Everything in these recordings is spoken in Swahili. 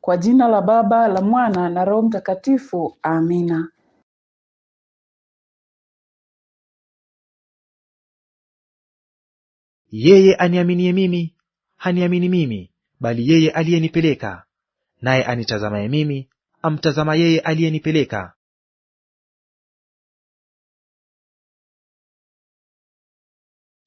Kwa jina la Baba, la Mwana na Roho Mtakatifu. Amina. Yeye aniaminiye mimi haniamini mimi, bali yeye aliyenipeleka; naye anitazamaye mimi amtazama yeye aliyenipeleka.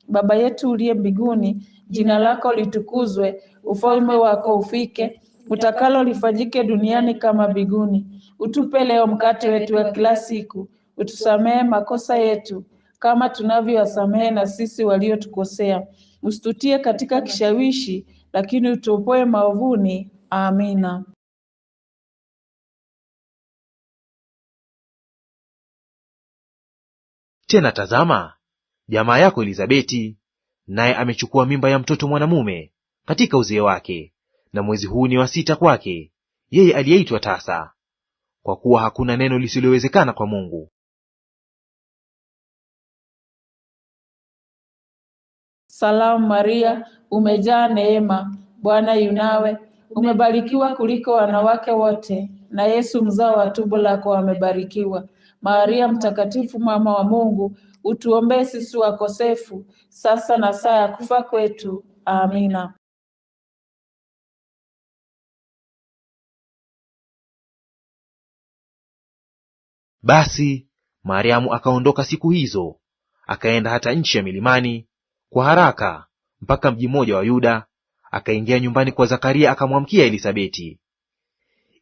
Baba yetu uliye mbinguni, jina lako litukuzwe, ufalme wako ufike utakalo lifanyike duniani kama biguni Utupe leo mkate wetu wa kila siku, utusamehe makosa yetu kama tunavyowasamehe na sisi waliotukosea, usitutie katika kishawishi, lakini utuopoe maovuni. Amina. Tena tazama, jamaa yako Elizabeti naye amechukua mimba ya mtoto mwanamume katika uzee wake na mwezi huu ni wa sita kwake yeye aliyeitwa tasa, kwa kuwa hakuna neno lisilowezekana kwa Mungu. Salamu Maria, umejaa neema, Bwana yunawe, umebarikiwa kuliko wanawake wote, na Yesu mzao wa tumbo lako amebarikiwa. Maria mtakatifu, mama wa Mungu, utuombee sisi wakosefu, sasa na saa ya kufa kwetu. Amina. Basi Mariamu akaondoka siku hizo akaenda hata nchi ya milimani kwa haraka mpaka mji mmoja wa Yuda, akaingia nyumbani kwa Zakaria akamwamkia Elisabeti.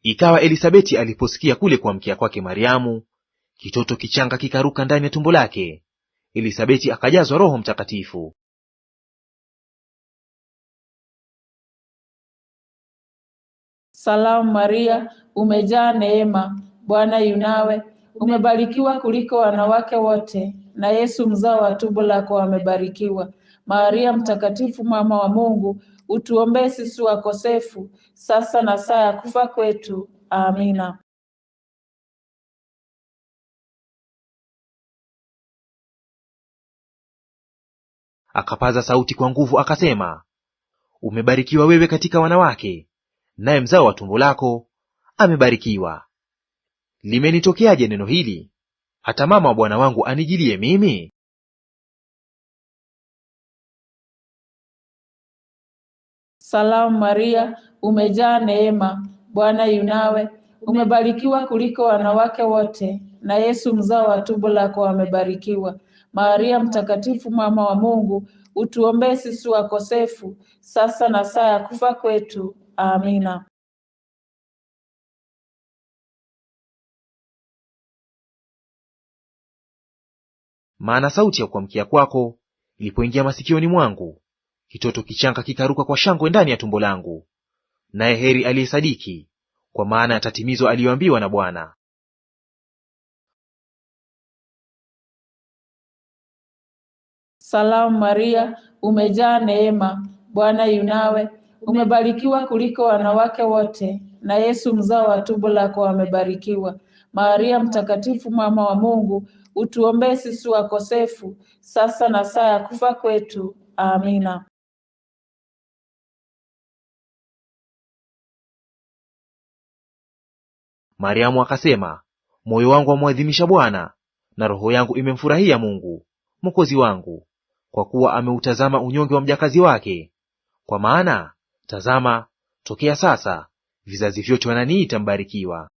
Ikawa Elisabeti aliposikia kule kuamkia kwake Mariamu, kitoto kichanga kikaruka ndani ya tumbo lake. Elisabeti akajazwa Roho Mtakatifu. Salamu Maria, umejaa neema, Bwana yunawe Umebarikiwa kuliko wanawake wote, na Yesu mzao wa tumbo lako amebarikiwa. Maria Mtakatifu, mama wa Mungu, utuombee sisi wakosefu, sasa na saa ya kufa kwetu. Amina. Akapaza sauti kwa nguvu akasema, umebarikiwa wewe katika wanawake, naye mzao wa tumbo lako amebarikiwa limenitokeaje neno hili, hata mama wa bwana wangu anijilie mimi? Salamu Maria, umejaa neema, Bwana yunawe, umebarikiwa kuliko wanawake wote, na Yesu mzao wa tumbo lako amebarikiwa. Maria mtakatifu, mama wa Mungu, utuombee sisi wakosefu, sasa na saa ya kufa kwetu. Amina. Maana sauti ya kuamkia kwako ilipoingia masikioni mwangu, kitoto kichanga kikaruka kwa shangwe ndani ya tumbo langu. Naye heri aliyesadiki, kwa maana yatatimizwa aliyoambiwa na Bwana. Salamu Maria, umejaa neema, Bwana yunawe, umebarikiwa kuliko wanawake wote, na Yesu mzao wa tumbo lako amebarikiwa. Maria Mtakatifu, mama wa Mungu, utuombee sisi wakosefu, sasa na saa ya kufa kwetu. Amina. Mariamu akasema, moyo wangu wamwadhimisha Bwana, na roho yangu imemfurahia Mungu mwokozi wangu, kwa kuwa ameutazama unyonge wa mjakazi wake. Kwa maana tazama, tokea sasa vizazi vyote wananiita mbarikiwa.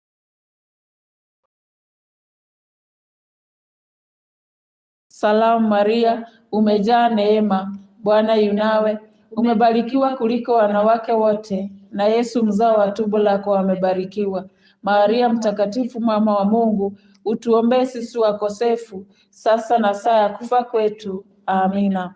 Salamu Maria, umejaa neema, Bwana yunawe, umebarikiwa kuliko wanawake wote, na Yesu mzao wa tumbo lako amebarikiwa. Maria Mtakatifu, mama wa Mungu, utuombee sisi wakosefu, sasa na saa ya kufa kwetu. Amina.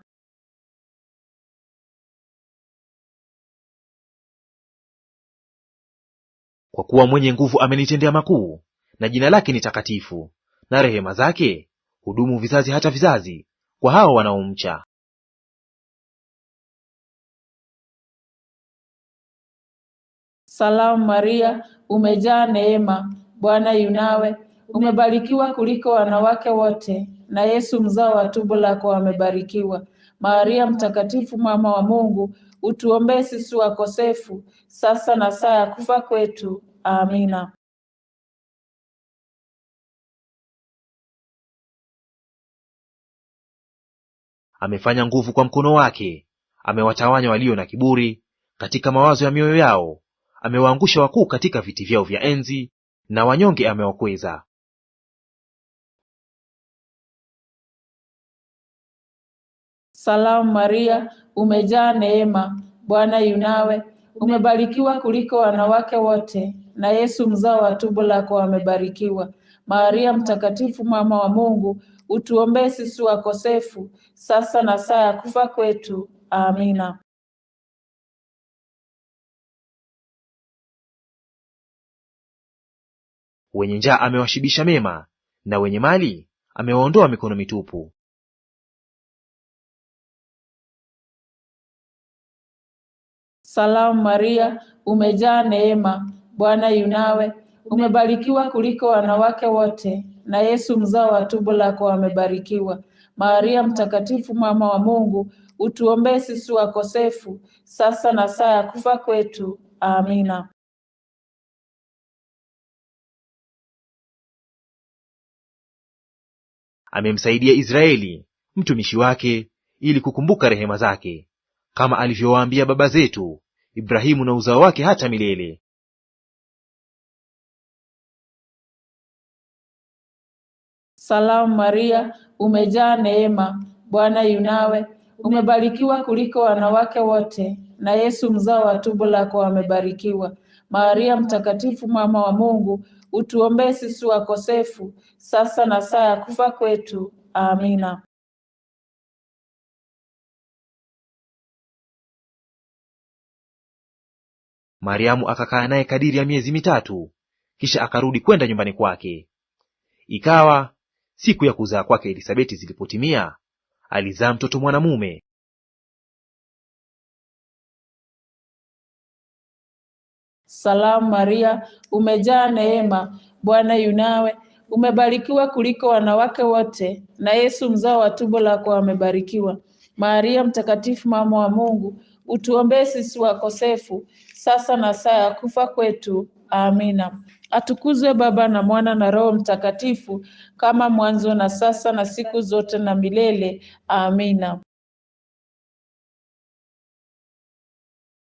Kwa kuwa mwenye nguvu amenitendea makuu, na jina lake ni takatifu, na rehema zake hudumu vizazi hata vizazi kwa hao wanaomcha. Salamu Maria, umejaa neema, Bwana yunawe, umebarikiwa kuliko wanawake wote, na Yesu mzao wa tumbo lako amebarikiwa. Maria mtakatifu, mama wa Mungu, utuombee sisi wakosefu, sasa na saa ya kufa kwetu. Amina. amefanya nguvu kwa mkono wake, amewatawanya walio na kiburi katika mawazo ya mioyo yao, amewaangusha wakuu katika viti vyao vya enzi, na wanyonge amewakweza. Salamu Maria, umejaa neema, Bwana yunawe, umebarikiwa kuliko wanawake wote, na Yesu mzao wa tumbo lako amebarikiwa. Maria mtakatifu, mama wa Mungu utuombee sisi wakosefu sasa na saa ya kufa kwetu. Amina. Wenye njaa amewashibisha mema, na wenye mali amewaondoa mikono mitupu. Salamu Maria, umejaa neema, Bwana yunawe, umebarikiwa kuliko wanawake wote na Yesu mzao wa tumbo lako amebarikiwa. Maria Mtakatifu, mama wa Mungu, utuombee sisi wakosefu, sasa na saa ya kufa kwetu. Amina. Amemsaidia Israeli mtumishi wake, ili kukumbuka rehema zake, kama alivyowaambia baba zetu, Ibrahimu na uzao wake hata milele. Salamu Maria, umejaa neema, Bwana yunawe, umebarikiwa kuliko wanawake wote, na Yesu mzao wa tumbo lako amebarikiwa. Maria Mtakatifu, mama wa Mungu, utuombee sisi wakosefu, sasa na saa ya kufa kwetu. Amina. Mariamu akakaa naye kadiri ya miezi mitatu, kisha akarudi kwenda nyumbani kwake. Ikawa Siku ya kuzaa kwake Elisabeti zilipotimia, alizaa mtoto mwanamume. Salamu Maria, umejaa neema, Bwana yunawe, umebarikiwa kuliko wanawake wote, na Yesu mzao wa tumbo lako amebarikiwa. Maria mtakatifu, mama wa Mungu, utuombee sisi wakosefu, sasa na saa ya kufa kwetu. Amina. Atukuzwe Baba na Mwana na Roho Mtakatifu, kama mwanzo na sasa na siku zote na milele. Amina.